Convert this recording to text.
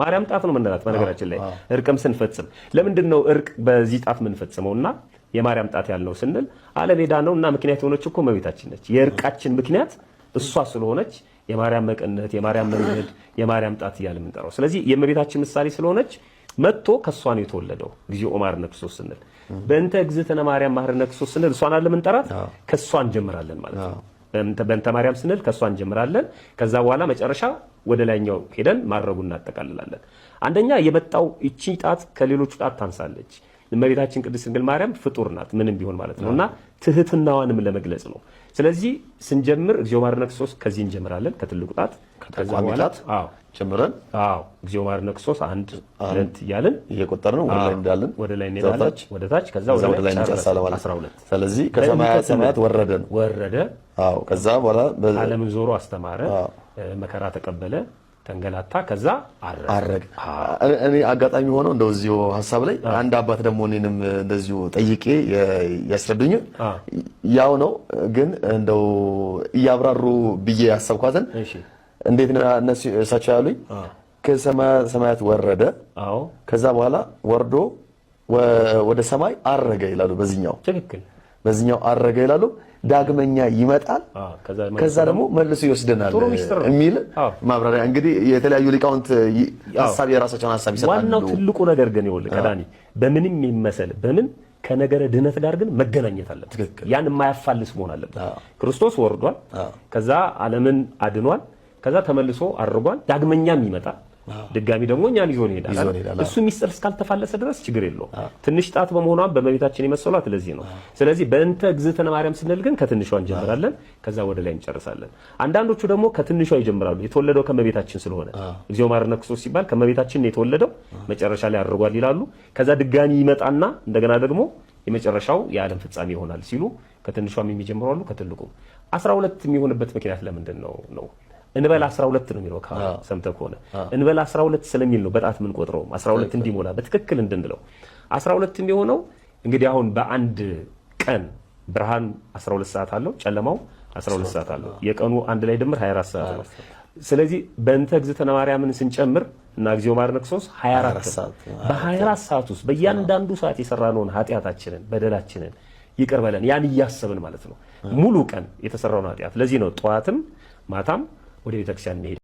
ማርያም ጣፍ ነው የምንላት። በነገራችን ላይ እርቅም ስንፈጽም ለምንድን ነው እርቅ በዚህ ጣፍ የምንፈጽመው? እና የማርያም ጣት ያልነው ስንል አለሜዳ ነው እና ምክንያት የሆነች እኮ እመቤታችን ነች። የእርቃችን ምክንያት እሷ ስለሆነች የማርያም መቀነት፣ የማርያም መንገድ፣ የማርያም ጣት እያለ የምንጠራው ስለዚህ የእመቤታችን ምሳሌ ስለሆነች መጥቶ ከእሷ ነው የተወለደው። እግዚኦ ማርነ ክርስቶስ ስንል በእንተ እግዝእትነ ማርያም ማህርነ ክርስቶስ ስንል እሷን አለ ምንጠራት ከእሷ እንጀምራለን ማለት ነው። በእንተ ማርያም ስንል ከእሷ እንጀምራለን። ከዛ በኋላ መጨረሻ ወደ ላይኛው ሄደን ማድረጉ እናጠቃልላለን። አንደኛ የመጣው እቺ ጣት ከሌሎቹ ጣት ታንሳለች። እመቤታችን ቅድስት ድንግል ማርያም ፍጡር ናት፣ ምንም ቢሆን ማለት ነው እና ትህትናዋንም ለመግለጽ ነው። ስለዚህ ስንጀምር እግዚኦ ማርነ ክርስቶስ ከዚህ እንጀምራለን፣ ከትልቁ ጣት ጀምረን እግዚኦ ማርነ ክርስቶስ አንድ ሁለት እያልን እየቆጠርን ወደ ላይ እንዳለን ወደ ላይ እንሄዳለን፣ ወደ ታች ከዛ ወደ ላይ እንጨርሳለን ማለት ስለዚህ ከሰማያት ሰማያት ወረደን ወረደ አዎ። ከዛ በኋላ ዓለምን ዞሮ አስተማረ፣ መከራ ተቀበለ፣ ተንገላታ፣ ከዛ አረገ። እኔ አጋጣሚ ሆነው እንደዚሁ ሀሳብ ላይ አንድ አባት ደግሞ እኔንም እንደዚሁ ጠይቄ ያስረዱኝ ያው ነው። ግን እንደው እያብራሩ ብዬ ያሰብኳትን እንዴት እነሱ እሳቸው ያሉኝ ከሰማያት ወረደ። አዎ። ከዛ በኋላ ወርዶ ወደ ሰማይ አረገ ይላሉ በዚህኛው ትክክል በዚኛው አረገ ይላሉ። ዳግመኛ ይመጣል፣ ከዛ ደግሞ መልሶ ይወስደናል የሚል ማብራሪያ እንግዲህ የተለያዩ ሊቃውንት ሀሳብ የራሳቸውን ሀሳብ ይሰጣሉ። ዋናው ትልቁ ነገር ግን ይኸውልህ ቀዳኒ በምንም የሚመሰል በምን ከነገረ ድነት ጋር ግን መገናኘት አለበት። ያን የማያፋልስ መሆን አለበት። ክርስቶስ ወርዷል፣ ከዛ ዓለምን አድኗል፣ ከዛ ተመልሶ አድርጓል፣ ዳግመኛም ይመጣል። ድጋሚ ደግሞ እኛን ይዞን ይሄዳል። እሱ ሚስጥር እስካልተፋለሰ ድረስ ችግር የለውም። ትንሽ ጣት በመሆኗን በመቤታችን የመሰሏት ለዚህ ነው። ስለዚህ በእንተ እግዝእትነ ማርያም ስንል ግን ከትንሿ እንጀምራለን፣ ከዛ ወደ ላይ እንጨርሳለን። አንዳንዶቹ ደግሞ ከትንሿ ይጀምራሉ። የተወለደው ከመቤታችን ስለሆነ እግዚኦ ማርነ ክርስቶስ ሲባል ከመቤታችን ነው የተወለደው መጨረሻ ላይ አድርጓል ይላሉ። ከዛ ድጋሚ ይመጣና እንደገና ደግሞ የመጨረሻው የዓለም ፍጻሜ ይሆናል ሲሉ ከትንሿም የሚጀምሩ አሉ። ከትልቁም አስራ ሁለት የሚሆንበት ምክንያት ለምንድን ነው ነው እንበል 12 ነው የሚለው ሰምተህ ከሆነ እንበል 12 ስለሚል ነው በጣት ምን የምንቆጥረው 12 እንዲሞላ በትክክል እንድንለው 12 የሚሆነው እንግዲህ አሁን በአንድ ቀን ብርሃን 12 ሰዓት አለው፣ ጨለማው 12 ሰዓት አለው። የቀኑ አንድ ላይ ድምር 24 ሰዓት ነው። ስለዚህ በእንተ እግዝእትነ ማርያምን ስንጨምር እና እግዚኦ ማርነ ክርስቶስ 24 ሰዓት በ24 ሰዓት ውስጥ በእያንዳንዱ ሰዓት የሰራነውን ኃጢአታችንን በደላችንን ይቅር በለን ያን እያሰብን ማለት ነው። ሙሉ ቀን የተሰራውን ኃጢአት ለዚህ ነው ጠዋትም ማታም 우리 백성이